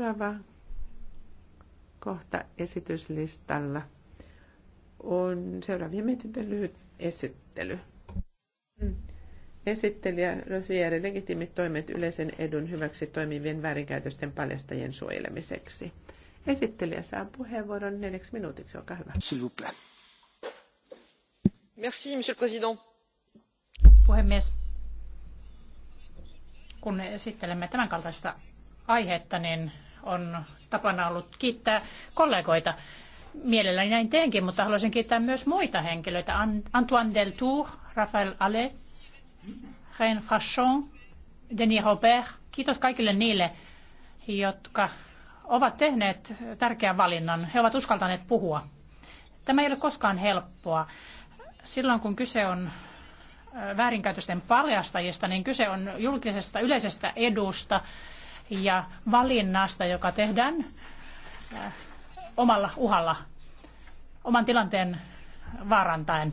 Seuraava kohta esityslistalla on seuraavien mietintöjen lyhyt esittely. Mm. Esittelijä Rosieri, legitiimit toimet yleisen edun hyväksi toimivien väärinkäytösten paljastajien suojelemiseksi. Esittelijä saa puheenvuoron neljäksi minuutiksi, olkaa hyvä. Merci, monsieur le président. Puhemies, kun esittelemme tämänkaltaista kaltaista aihetta, niin on tapana ollut kiittää kollegoita. Mielelläni näin teenkin, mutta haluaisin kiittää myös muita henkilöitä. Antoine Deltour, Rafael Ale, Rein Frachon, Denis Robert. Kiitos kaikille niille, jotka ovat tehneet tärkeän valinnan. He ovat uskaltaneet puhua. Tämä ei ole koskaan helppoa. Silloin kun kyse on väärinkäytösten paljastajista, niin kyse on julkisesta yleisestä edusta ja valinnasta, joka tehdään äh, omalla uhalla, oman tilanteen vaarantaen.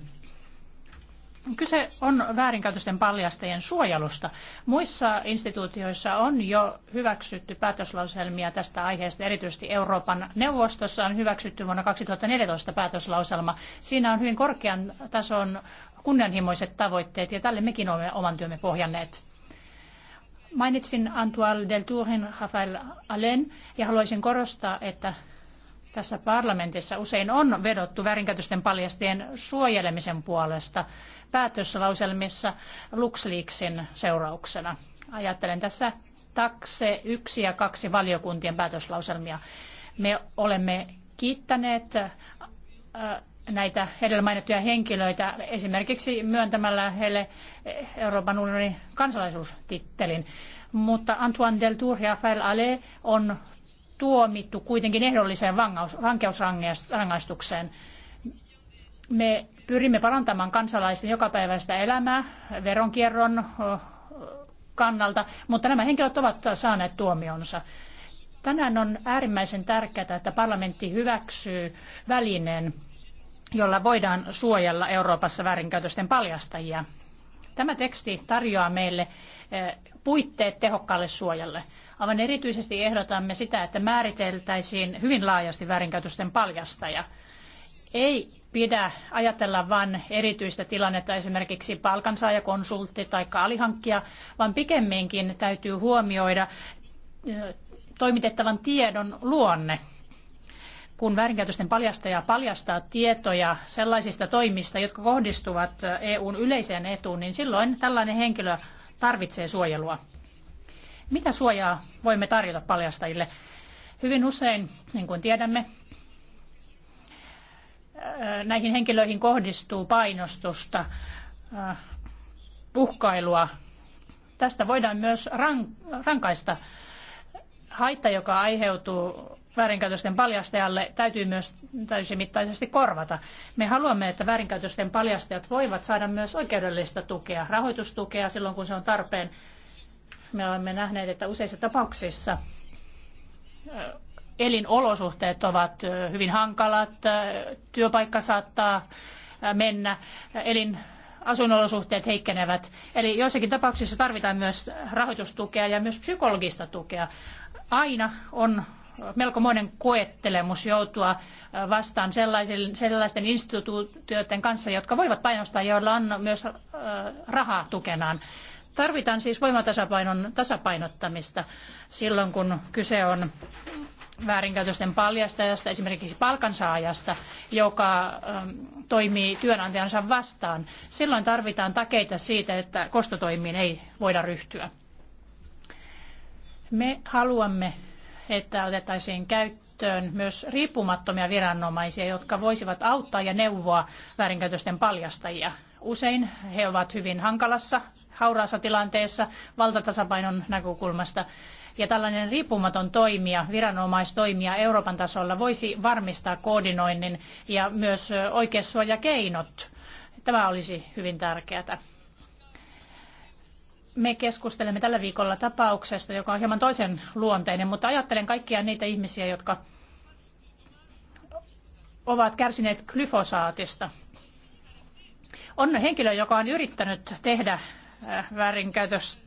Kyse on väärinkäytösten paljastajien suojelusta. Muissa instituutioissa on jo hyväksytty päätöslauselmia tästä aiheesta, erityisesti Euroopan neuvostossa on hyväksytty vuonna 2014 päätöslauselma. Siinä on hyvin korkean tason kunnianhimoiset tavoitteet ja tälle mekin olemme oman työmme pohjanneet. Mainitsin Antoine Deltourin Rafael Allen ja haluaisin korostaa, että tässä parlamentissa usein on vedottu väärinkäytösten paljastien suojelemisen puolesta päätöslauselmissa LuxLeaksin seurauksena. Ajattelen tässä takse yksi ja kaksi valiokuntien päätöslauselmia. Me olemme kiittäneet äh, näitä edellä mainittuja henkilöitä esimerkiksi myöntämällä heille Euroopan unionin kansalaisuustittelin. Mutta Antoine Deltour ja Rafael Ale on tuomittu kuitenkin ehdolliseen vankeusrangaistukseen. Me pyrimme parantamaan kansalaisten jokapäiväistä elämää veronkierron kannalta, mutta nämä henkilöt ovat saaneet tuomionsa. Tänään on äärimmäisen tärkeää, että parlamentti hyväksyy välineen, jolla voidaan suojella Euroopassa väärinkäytösten paljastajia. Tämä teksti tarjoaa meille eh, puitteet tehokkaalle suojalle. Aivan erityisesti ehdotamme sitä, että määriteltäisiin hyvin laajasti väärinkäytösten paljastaja. Ei pidä ajatella vain erityistä tilannetta esimerkiksi palkansaajakonsultti tai alihankkija, vaan pikemminkin täytyy huomioida eh, toimitettavan tiedon luonne kun väärinkäytösten paljastaja paljastaa tietoja sellaisista toimista, jotka kohdistuvat EUn yleiseen etuun, niin silloin tällainen henkilö tarvitsee suojelua. Mitä suojaa voimme tarjota paljastajille? Hyvin usein, niin kuin tiedämme, näihin henkilöihin kohdistuu painostusta, uhkailua. Tästä voidaan myös rankaista haitta, joka aiheutuu väärinkäytösten paljastajalle täytyy myös täysimittaisesti korvata. Me haluamme, että väärinkäytösten paljastajat voivat saada myös oikeudellista tukea, rahoitustukea silloin, kun se on tarpeen. Me olemme nähneet, että useissa tapauksissa elinolosuhteet ovat hyvin hankalat, työpaikka saattaa mennä, elin asuinolosuhteet heikkenevät. Eli joissakin tapauksissa tarvitaan myös rahoitustukea ja myös psykologista tukea. Aina on melkomoinen koettelemus joutua vastaan sellaisten instituutioiden kanssa, jotka voivat painostaa, joilla on myös rahaa tukenaan. Tarvitaan siis voimatasapainon tasapainottamista silloin, kun kyse on väärinkäytösten paljastajasta, esimerkiksi palkansaajasta, joka toimii työnantajansa vastaan. Silloin tarvitaan takeita siitä, että kostotoimiin ei voida ryhtyä. Me haluamme että otettaisiin käyttöön myös riippumattomia viranomaisia, jotka voisivat auttaa ja neuvoa väärinkäytösten paljastajia. Usein he ovat hyvin hankalassa, hauraassa tilanteessa valtatasapainon näkökulmasta. Ja tällainen riippumaton toimija, viranomaistoimija Euroopan tasolla voisi varmistaa koordinoinnin ja myös oikeussuojakeinot. Tämä olisi hyvin tärkeää. Me keskustelemme tällä viikolla tapauksesta, joka on hieman toisen luonteinen, mutta ajattelen kaikkia niitä ihmisiä, jotka ovat kärsineet glyfosaatista. On henkilö, joka on yrittänyt tehdä äh, väärinkäytöstä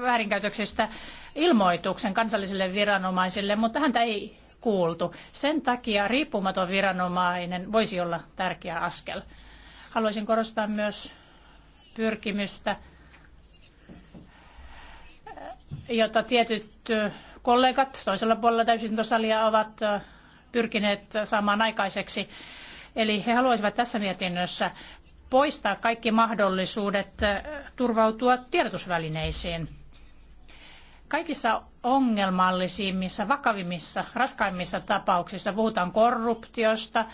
väärinkäytöksistä ilmoituksen kansallisille viranomaisille, mutta häntä ei kuultu. Sen takia riippumaton viranomainen voisi olla tärkeä askel. Haluaisin korostaa myös pyrkimystä jota tietyt kollegat toisella puolella täysintosalia ovat pyrkineet saamaan aikaiseksi. Eli he haluaisivat tässä mietinnössä poistaa kaikki mahdollisuudet turvautua tiedotusvälineisiin. Kaikissa ongelmallisimmissa, vakavimmissa, raskaimmissa tapauksissa puhutaan korruptiosta,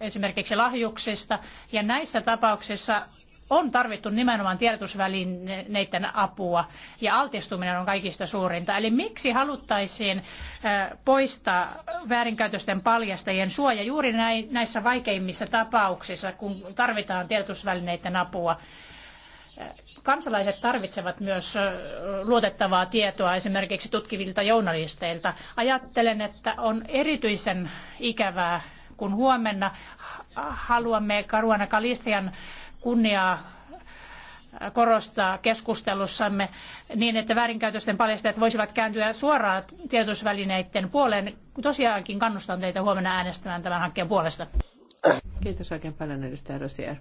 esimerkiksi lahjuksista, ja näissä tapauksissa on tarvittu nimenomaan tiedotusvälineiden apua ja altistuminen on kaikista suurinta. Eli miksi haluttaisiin poistaa väärinkäytösten paljastajien suoja juuri näissä vaikeimmissa tapauksissa, kun tarvitaan tiedotusvälineiden apua? kansalaiset tarvitsevat myös luotettavaa tietoa esimerkiksi tutkivilta journalisteilta. Ajattelen, että on erityisen ikävää, kun huomenna haluamme Karuana Kalistian kunnia äh, korostaa keskustelussamme niin, että väärinkäytösten paljastajat voisivat kääntyä suoraan tiedotusvälineiden puoleen. Tosiaankin kannustan teitä huomenna äänestämään tämän hankkeen puolesta. Kiitos oikein paljon edustaja Rosier.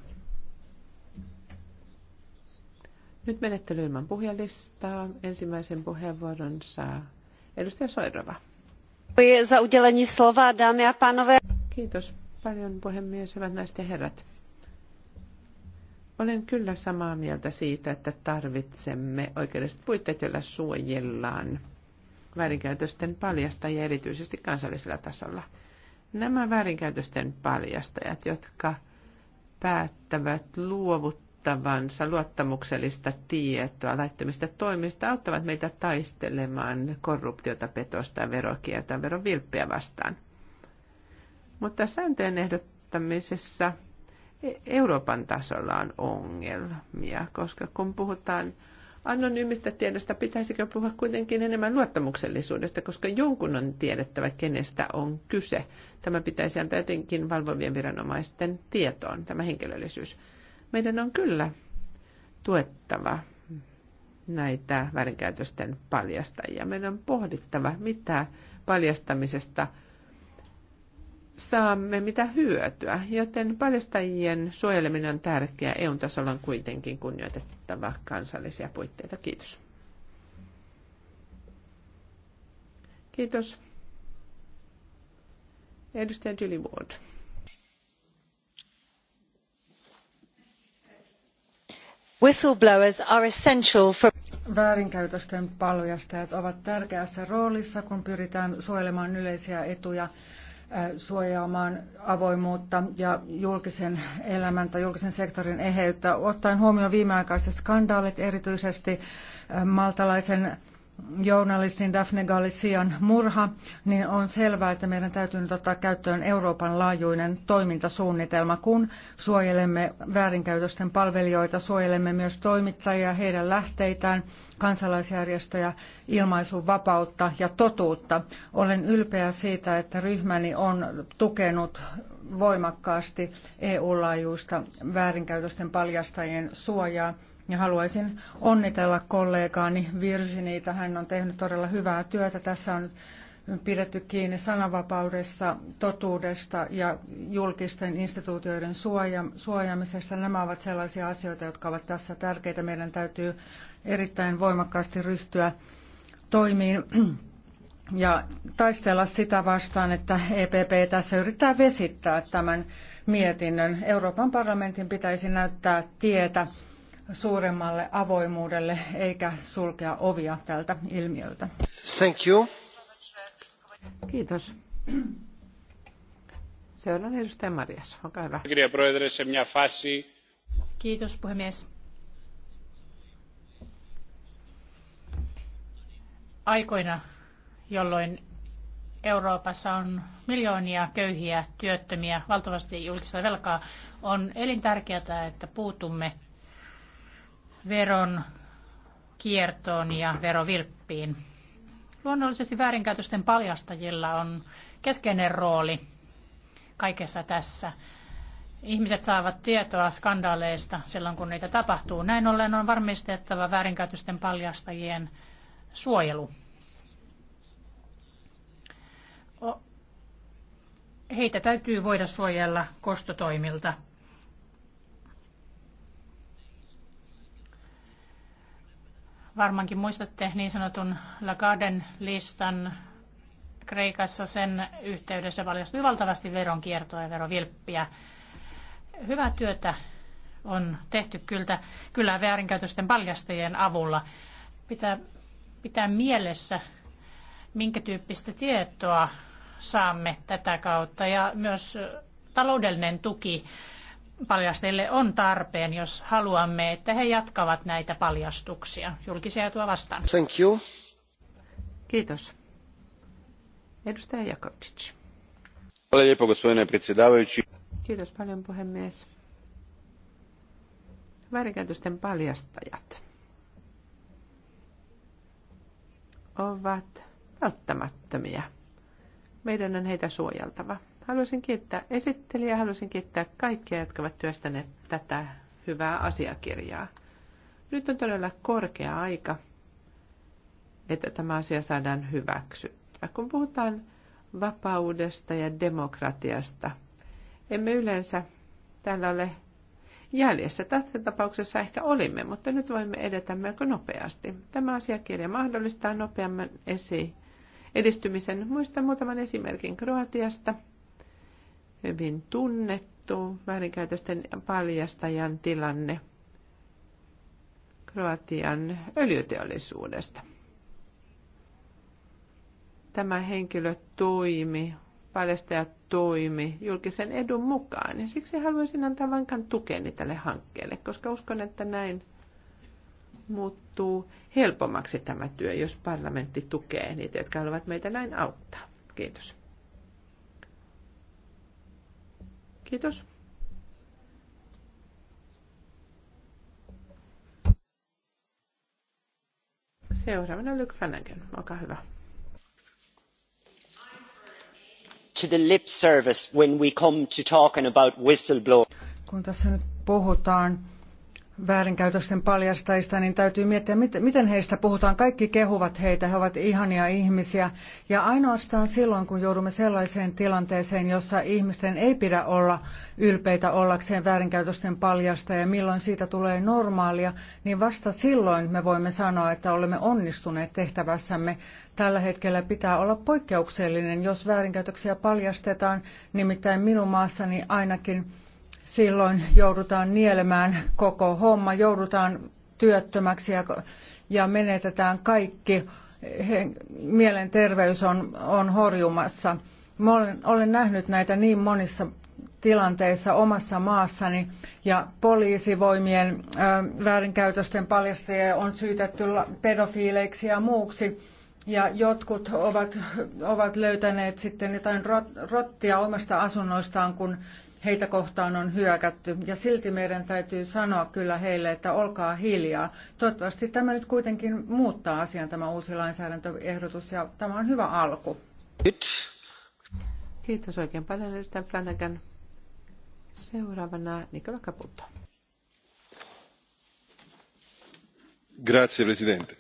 Nyt menettely ilman puhujalistaa. Ensimmäisen puheenvuoron saa edustaja Soirova. Kiitos paljon puhemies, hyvät naiset ja herrat. Olen kyllä samaa mieltä siitä, että tarvitsemme oikeudelliset puitteet, joilla suojellaan väärinkäytösten paljastajia erityisesti kansallisella tasolla. Nämä väärinkäytösten paljastajat, jotka päättävät luovuttavansa luottamuksellista tietoa laittomista toimista, auttavat meitä taistelemaan korruptiota, petosta, ja verokiertoa, verovilppiä vastaan. Mutta sääntöjen ehdottamisessa – Euroopan tasolla on ongelmia, koska kun puhutaan anonyymistä tiedosta, pitäisikö puhua kuitenkin enemmän luottamuksellisuudesta, koska jonkun on tiedettävä, kenestä on kyse. Tämä pitäisi antaa jotenkin valvovien viranomaisten tietoon, tämä henkilöllisyys. Meidän on kyllä tuettava näitä väärinkäytösten paljastajia. Meidän on pohdittava, mitä paljastamisesta – saamme mitä hyötyä, joten paljastajien suojeleminen on tärkeää. EUn tasolla on kuitenkin kunnioitettava kansallisia puitteita. Kiitos. Kiitos. Edustaja Julie Ward. Whistleblowers are essential for Väärinkäytösten paljastajat ovat tärkeässä roolissa, kun pyritään suojelemaan yleisiä etuja suojaamaan avoimuutta ja julkisen elämän tai julkisen sektorin eheyttä, ottaen huomioon viimeaikaiset skandaalit, erityisesti maltalaisen journalistin Daphne Galician murha, niin on selvää, että meidän täytyy nyt ottaa käyttöön Euroopan laajuinen toimintasuunnitelma, kun suojelemme väärinkäytösten palvelijoita, suojelemme myös toimittajia, heidän lähteitään, kansalaisjärjestöjä, ilmaisuvapautta ja totuutta. Olen ylpeä siitä, että ryhmäni on tukenut voimakkaasti EU-laajuista väärinkäytösten paljastajien suojaa ja haluaisin onnitella kollegaani Virginiitä. Hän on tehnyt todella hyvää työtä. Tässä on pidetty kiinni sananvapaudesta, totuudesta ja julkisten instituutioiden suoja, suojaamisesta. Nämä ovat sellaisia asioita, jotka ovat tässä tärkeitä. Meidän täytyy erittäin voimakkaasti ryhtyä toimiin ja taistella sitä vastaan, että EPP tässä yrittää vesittää tämän mietinnön. Euroopan parlamentin pitäisi näyttää tietä suuremmalle avoimuudelle eikä sulkea ovia tältä ilmiöltä. Thank you. Kiitos. Seuraan edustaja Marias, olkaa hyvä. Kiitos puhemies. Aikoina, jolloin Euroopassa on miljoonia köyhiä, työttömiä, valtavasti julkista velkaa, on elintärkeää, että puutumme veron kiertoon ja verovilppiin. Luonnollisesti väärinkäytösten paljastajilla on keskeinen rooli kaikessa tässä. Ihmiset saavat tietoa skandaaleista silloin, kun niitä tapahtuu. Näin ollen on varmistettava väärinkäytösten paljastajien suojelu. Heitä täytyy voida suojella kostotoimilta. Varmaankin muistatte niin sanotun Lagarden listan Kreikassa sen yhteydessä valjastui valtavasti veronkiertoa ja verovilppiä. Hyvää työtä on tehty kyllä, kyllä väärinkäytösten paljastajien avulla. Pitää pitää mielessä, minkä tyyppistä tietoa saamme tätä kautta ja myös taloudellinen tuki paljastajille on tarpeen, jos haluamme, että he jatkavat näitä paljastuksia julkisia etua vastaan. Thank you. Kiitos. Edustaja Jakovic. Kiitos paljon puhemies. Väärinkäytösten paljastajat ovat välttämättömiä. Meidän on heitä suojeltava. Haluaisin kiittää esittelijää, haluaisin kiittää kaikkia, jotka ovat työstäneet tätä hyvää asiakirjaa. Nyt on todella korkea aika, että tämä asia saadaan hyväksyttyä. Kun puhutaan vapaudesta ja demokratiasta, emme yleensä täällä ole jäljessä. Tässä tapauksessa ehkä olimme, mutta nyt voimme edetä melko nopeasti. Tämä asiakirja mahdollistaa nopeamman esi- edistymisen. Muistan muutaman esimerkin Kroatiasta – hyvin tunnettu väärinkäytösten paljastajan tilanne Kroatian öljyteollisuudesta. Tämä henkilö toimi, paljastaja toimi julkisen edun mukaan ja siksi haluaisin antaa vankan tukeni tälle hankkeelle, koska uskon, että näin muuttuu helpommaksi tämä työ, jos parlamentti tukee niitä, jotka haluavat meitä näin auttaa. Kiitos. Kiitos. Seuraavana Luke Flanagan, olkaa hyvä. To the lip service when we come to talking about whistleblower. Kun tässä nyt puhutaan väärinkäytösten paljastajista, niin täytyy miettiä, miten heistä puhutaan. Kaikki kehuvat heitä, he ovat ihania ihmisiä. Ja ainoastaan silloin, kun joudumme sellaiseen tilanteeseen, jossa ihmisten ei pidä olla ylpeitä ollakseen väärinkäytösten paljastajia. milloin siitä tulee normaalia, niin vasta silloin me voimme sanoa, että olemme onnistuneet tehtävässämme. Tällä hetkellä pitää olla poikkeuksellinen, jos väärinkäytöksiä paljastetaan, nimittäin minun maassani ainakin silloin joudutaan nielemään koko homma, joudutaan työttömäksi ja, ja menetetään kaikki. He, mielenterveys on, on horjumassa. Mä olen, olen nähnyt näitä niin monissa tilanteissa omassa maassani ja poliisivoimien ö, väärinkäytösten paljastajia on syytetty pedofiileiksi ja muuksi. Ja jotkut ovat, ovat löytäneet sitten jotain rottia omasta asunnoistaan, kun heitä kohtaan on hyökätty. Ja silti meidän täytyy sanoa kyllä heille, että olkaa hiljaa. Toivottavasti tämä nyt kuitenkin muuttaa asian tämä uusi lainsäädäntöehdotus ja tämä on hyvä alku. Nyt. Kiitos oikein paljon, edustaja Flanagan. Seuraavana Nicola Caputo. Grazie, Presidente.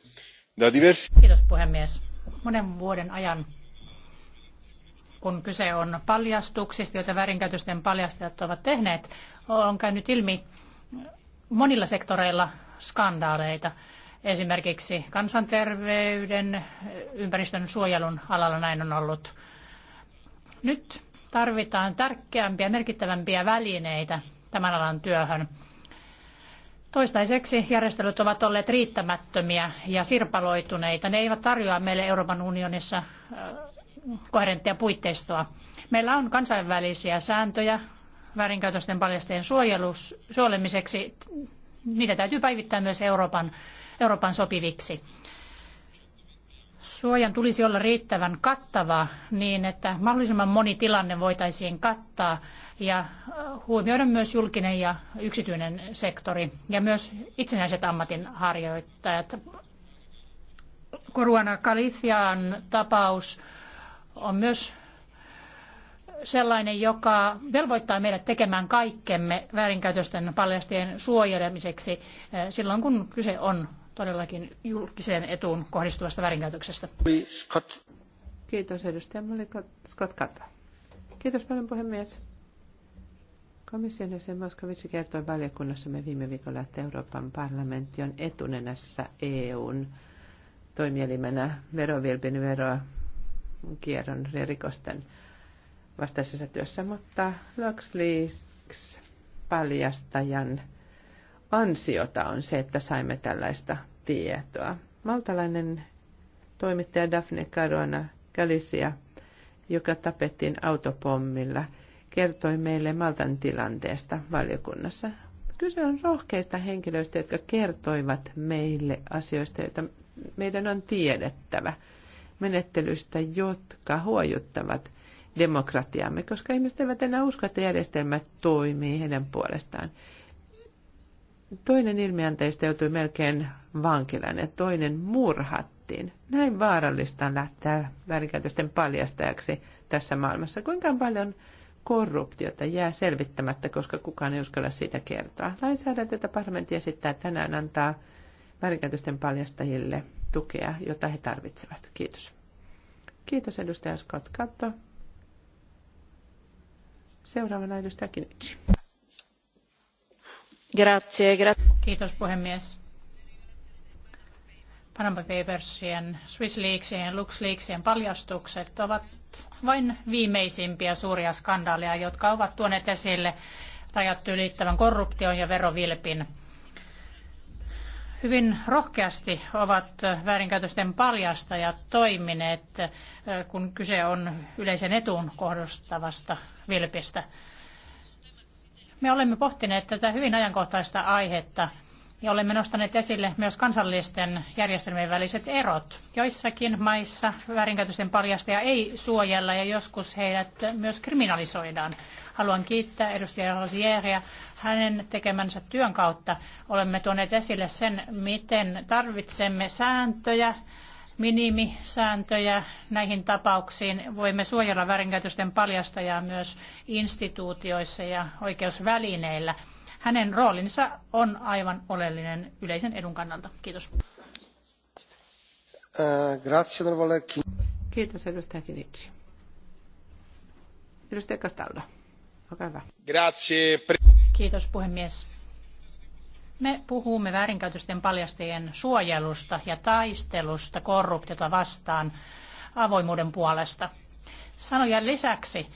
Da diversi... Kiitos puhemies. Monen vuoden ajan kun kyse on paljastuksista, joita väärinkäytösten paljastajat ovat tehneet, on käynyt ilmi monilla sektoreilla skandaaleita. Esimerkiksi kansanterveyden, ympäristön suojelun alalla näin on ollut. Nyt tarvitaan tärkeämpiä, merkittävämpiä välineitä tämän alan työhön. Toistaiseksi järjestelyt ovat olleet riittämättömiä ja sirpaloituneita. Ne eivät tarjoa meille Euroopan unionissa koherenttia puitteistoa. Meillä on kansainvälisiä sääntöjä väärinkäytösten paljastajien suojelemiseksi. Niitä täytyy päivittää myös Euroopan, Euroopan sopiviksi. Suojan tulisi olla riittävän kattava niin, että mahdollisimman moni tilanne voitaisiin kattaa ja huomioida myös julkinen ja yksityinen sektori ja myös itsenäiset ammatinharjoittajat. Koruana Galician tapaus on myös sellainen, joka velvoittaa meidät tekemään kaikkemme väärinkäytösten paljastien suojelemiseksi eh, silloin, kun kyse on todellakin julkiseen etuun kohdistuvasta väärinkäytöksestä. Scott. Kiitos edustaja Malika Scott Kata. Kiitos paljon puhemies. Komission jäsen Moskovitsi kertoi valiokunnassamme viime viikolla, että Euroopan parlamentti on etunenässä EUn toimielimenä verovilpin veroa kierron ja rikosten vastaisessa työssä, mutta LuxLeaks paljastajan ansiota on se, että saimme tällaista tietoa. Maltalainen toimittaja Daphne Caruana Galicia, joka tapettiin autopommilla, kertoi meille Maltan tilanteesta valiokunnassa. Kyse on rohkeista henkilöistä, jotka kertoivat meille asioista, joita meidän on tiedettävä – menettelystä, jotka huojuttavat demokratiamme, koska ihmiset eivät enää usko, että järjestelmä toimii heidän puolestaan. Toinen ilmianteista joutui melkein vankilan, ja toinen murhattiin. Näin vaarallista on lähteä väärinkäytösten paljastajaksi tässä maailmassa. Kuinka paljon korruptiota jää selvittämättä, koska kukaan ei uskalla siitä kertoa. Lainsäädäntö, jota parlamentti esittää tänään, antaa väärinkäytösten paljastajille – tukea, jota he tarvitsevat. Kiitos. Kiitos edustaja Scott Katto. Seuraavana edustaja Kinichi. Grazie, Kiitos puhemies. Panama Papersien, Swiss Leaksien, Lux Leaksien paljastukset ovat vain viimeisimpiä suuria skandaaleja, jotka ovat tuoneet esille rajat ylittävän korruption ja verovilpin hyvin rohkeasti ovat väärinkäytösten paljastajat toimineet, kun kyse on yleisen etuun kohdustavasta vilpistä. Me olemme pohtineet tätä hyvin ajankohtaista aihetta ja olemme nostaneet esille myös kansallisten järjestelmien väliset erot. Joissakin maissa väärinkäytösten paljastaja ei suojella ja joskus heidät myös kriminalisoidaan. Haluan kiittää edustaja Rosieria hänen tekemänsä työn kautta. Olemme tuoneet esille sen, miten tarvitsemme sääntöjä, minimisääntöjä näihin tapauksiin. Voimme suojella väärinkäytösten paljastajaa myös instituutioissa ja oikeusvälineillä. Hänen roolinsa on aivan oleellinen yleisen edun kannalta. Kiitos. Eh, Kiitos edustaja Kinici. Edustaja Castaldo arvoisa Kiitos puhemies. Me puhumme väärinkäytösten paljastajien suojelusta ja taistelusta korruptiota vastaan avoimuuden puolesta. Sanoja lisäksi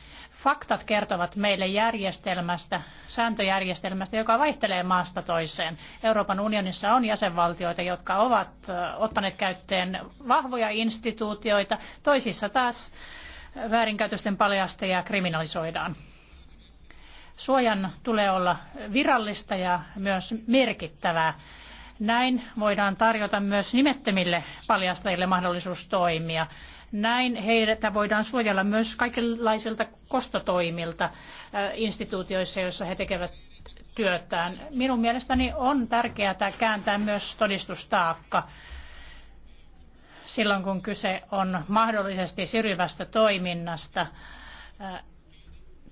faktat kertovat meille järjestelmästä, sääntöjärjestelmästä, joka vaihtelee maasta toiseen. Euroopan unionissa on jäsenvaltioita, jotka ovat ottaneet käyttöön vahvoja instituutioita, toisissa taas väärinkäytösten paljastajia kriminalisoidaan. Suojan tulee olla virallista ja myös merkittävää. Näin voidaan tarjota myös nimettömille paljastajille mahdollisuus toimia. Näin heitä voidaan suojella myös kaikenlaisilta kostotoimilta äh, instituutioissa, joissa he tekevät työtään. Minun mielestäni on tärkeää kääntää myös todistustaakka silloin, kun kyse on mahdollisesti syrjivästä toiminnasta äh,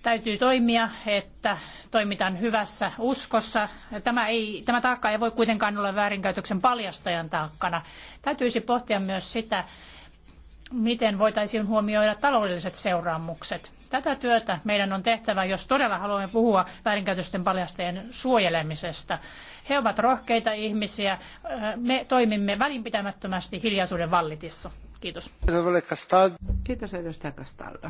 täytyy toimia, että toimitaan hyvässä uskossa. Tämä, ei, tämä taakka ei voi kuitenkaan olla väärinkäytöksen paljastajan taakkana. Täytyisi pohtia myös sitä, miten voitaisiin huomioida taloudelliset seuraamukset. Tätä työtä meidän on tehtävä, jos todella haluamme puhua väärinkäytösten paljastajien suojelemisesta. He ovat rohkeita ihmisiä. Me toimimme välinpitämättömästi hiljaisuuden vallitissa. Kiitos. Kiitos edustaja Castaldo.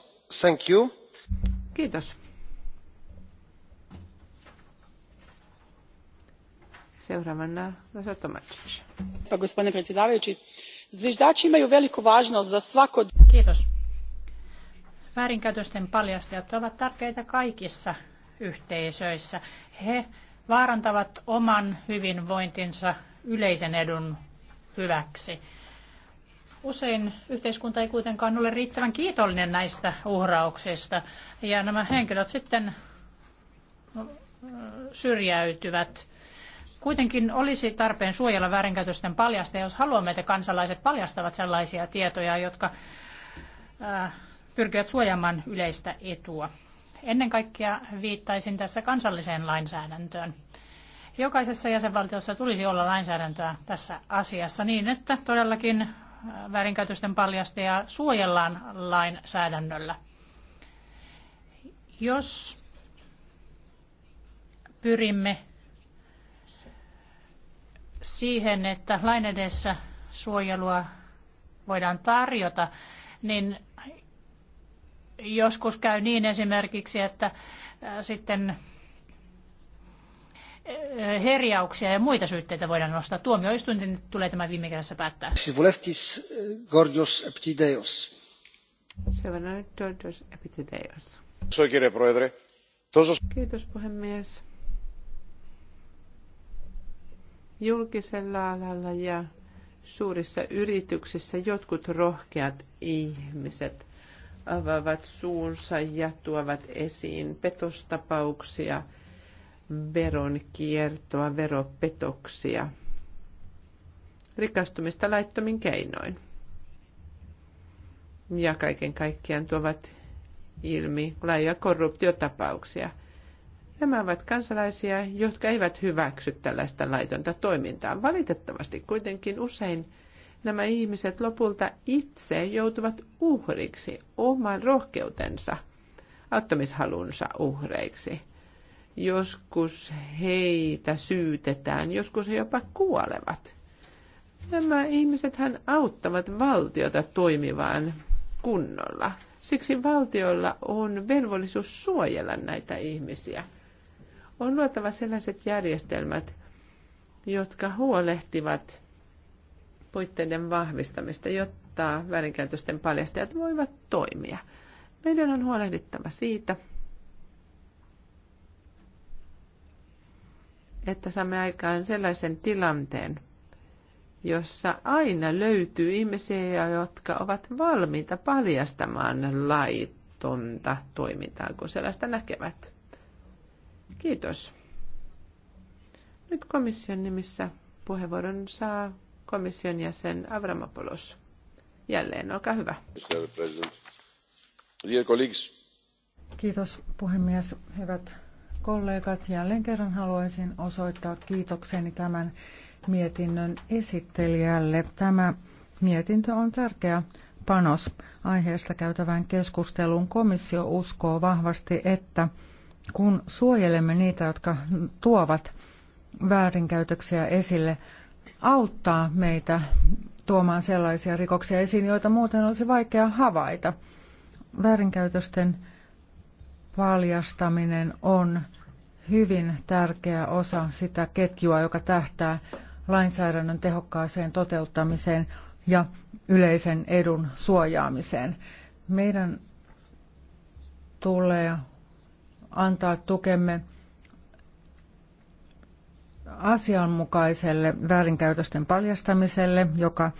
Thank you. gospodine predsjedavajući zviždači imaju veliku važnost za svako. väärinkäytösten paljastajat ovat tärkeitä kaikissa yhteisöissä. he vaarantavat oman hyvinvointinsa yleisen edun hyväksi. Usein yhteiskunta ei kuitenkaan ole riittävän kiitollinen näistä uhrauksista ja nämä henkilöt sitten no, syrjäytyvät. Kuitenkin olisi tarpeen suojella väärinkäytösten paljasta, jos haluamme, että kansalaiset paljastavat sellaisia tietoja, jotka pyrkivät suojaamaan yleistä etua. Ennen kaikkea viittaisin tässä kansalliseen lainsäädäntöön. Jokaisessa jäsenvaltiossa tulisi olla lainsäädäntöä tässä asiassa niin, että todellakin väärinkäytösten paljastajaa suojellaan lainsäädännöllä. Jos pyrimme siihen, että lain edessä suojelua voidaan tarjota, niin joskus käy niin esimerkiksi, että sitten Eh, herjauksia ja muita syytteitä voidaan nostaa. Tuomioistuinten tulee tämä viime kädessä päättää. Vuleftis eh, Gorgios Epitideos. Seuraavana Gorgios Epitideos. Kiitos puhemies. Julkisella alalla ja suurissa yrityksissä jotkut rohkeat ihmiset avaavat suunsa ja tuovat esiin petostapauksia – veronkiertoa, veropetoksia, rikastumista laittomin keinoin. Ja kaiken kaikkiaan tuovat ilmi laajoja korruptiotapauksia. Nämä ovat kansalaisia, jotka eivät hyväksy tällaista laitonta toimintaa. Valitettavasti kuitenkin usein nämä ihmiset lopulta itse joutuvat uhriksi oman rohkeutensa, auttamishalunsa uhreiksi – Joskus heitä syytetään, joskus he jopa kuolevat. Nämä ihmiset hän auttavat valtiota toimivaan kunnolla. Siksi valtiolla on velvollisuus suojella näitä ihmisiä. On luotava sellaiset järjestelmät, jotka huolehtivat puitteiden vahvistamista, jotta väärinkäytösten paljastajat voivat toimia. Meidän on huolehdittava siitä, että saamme aikaan sellaisen tilanteen, jossa aina löytyy ihmisiä, jotka ovat valmiita paljastamaan laitonta toimintaa, kun sellaista näkevät. Kiitos. Nyt komission nimissä puheenvuoron saa komission jäsen Avramopoulos. Jälleen, olkaa hyvä. Kiitos puhemies, hyvät kollegat, jälleen kerran haluaisin osoittaa kiitokseni tämän mietinnön esittelijälle. Tämä mietintö on tärkeä panos aiheesta käytävään keskusteluun. Komissio uskoo vahvasti, että kun suojelemme niitä, jotka tuovat väärinkäytöksiä esille, auttaa meitä tuomaan sellaisia rikoksia esiin, joita muuten olisi vaikea havaita. Väärinkäytösten paljastaminen on hyvin tärkeä osa sitä ketjua, joka tähtää lainsäädännön tehokkaaseen toteuttamiseen ja yleisen edun suojaamiseen. Meidän tulee antaa tukemme asianmukaiselle väärinkäytösten paljastamiselle, joka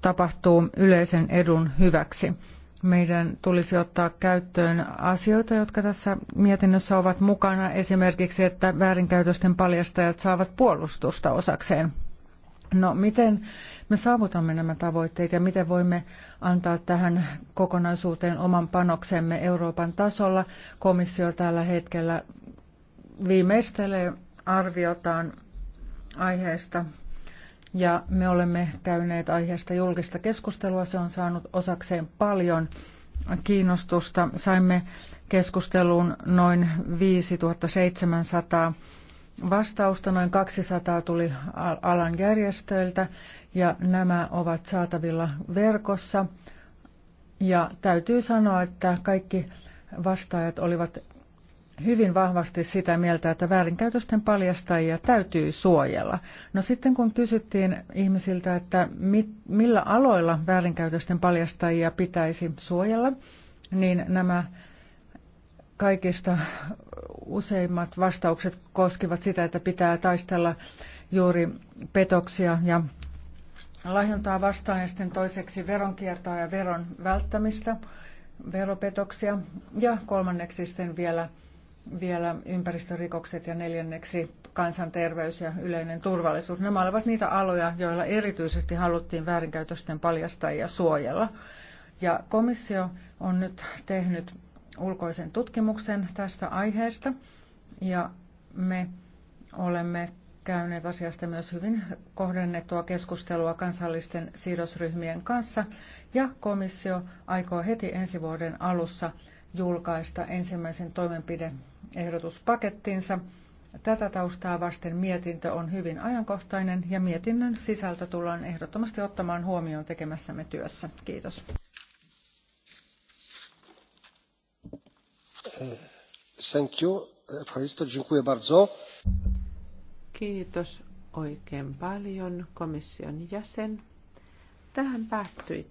tapahtuu yleisen edun hyväksi meidän tulisi ottaa käyttöön asioita, jotka tässä mietinnössä ovat mukana, esimerkiksi, että väärinkäytösten paljastajat saavat puolustusta osakseen. No miten me saavutamme nämä tavoitteet ja miten voimme antaa tähän kokonaisuuteen oman panoksemme Euroopan tasolla? Komissio tällä hetkellä viimeistelee arviotaan aiheesta ja me olemme käyneet aiheesta julkista keskustelua. Se on saanut osakseen paljon kiinnostusta. Saimme keskusteluun noin 5700 vastausta, noin 200 tuli alan järjestöiltä ja nämä ovat saatavilla verkossa. Ja täytyy sanoa, että kaikki vastaajat olivat hyvin vahvasti sitä mieltä, että väärinkäytösten paljastajia täytyy suojella. No sitten kun kysyttiin ihmisiltä, että mit, millä aloilla väärinkäytösten paljastajia pitäisi suojella, niin nämä kaikista useimmat vastaukset koskivat sitä, että pitää taistella juuri petoksia ja lahjontaa vastaan ja sitten toiseksi veronkiertoa ja veron välttämistä, veropetoksia ja kolmanneksi sitten vielä vielä ympäristörikokset ja neljänneksi kansanterveys ja yleinen turvallisuus. Nämä olivat niitä aloja, joilla erityisesti haluttiin väärinkäytösten paljastajia suojella. Ja komissio on nyt tehnyt ulkoisen tutkimuksen tästä aiheesta ja me olemme käyneet asiasta myös hyvin kohdennettua keskustelua kansallisten sidosryhmien kanssa ja komissio aikoo heti ensi vuoden alussa julkaista ensimmäisen toimenpideehdotuspakettinsa. Tätä taustaa vasten mietintö on hyvin ajankohtainen ja mietinnön sisältö tullaan ehdottomasti ottamaan huomioon tekemässämme työssä. Kiitos. Thank you. Dziękuję bardzo. Kiitos oikein paljon komission jäsen. Tähän päättyi tämä